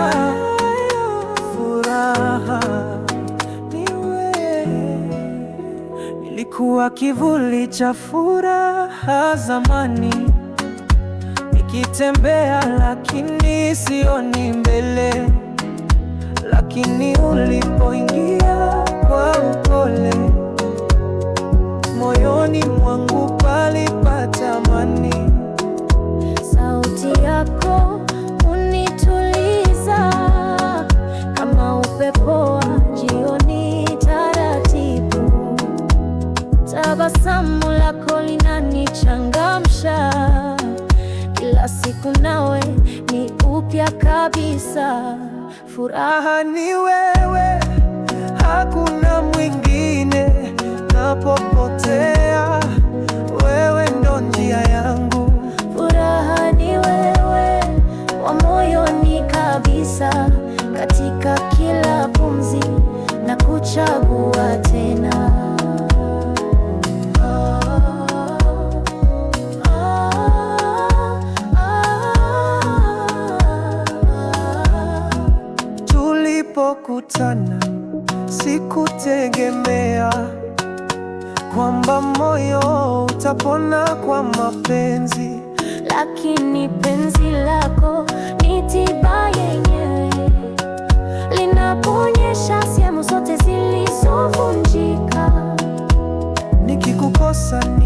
furaha, furaha ni wewe. Nilikuwa kivuli cha furaha zamani, nikitembea lakini sioni mbele, lakini ulipoingia Tabasamu lako linanichangamsha kila siku, nawe ni upya kabisa. Furaha ni wewe, hakuna mwingine, napopotea wewe ndo njia yangu. Furaha ni wewe, wa moyoni kabisa, katika kila pumzi na kuchagua tulipokutana sikutegemea kwamba moyo utapona kwa mapenzi, lakini penzi lako ni tiba yenyewe, linaponyesha sehemu zote zilizovunjika. Nikikukosa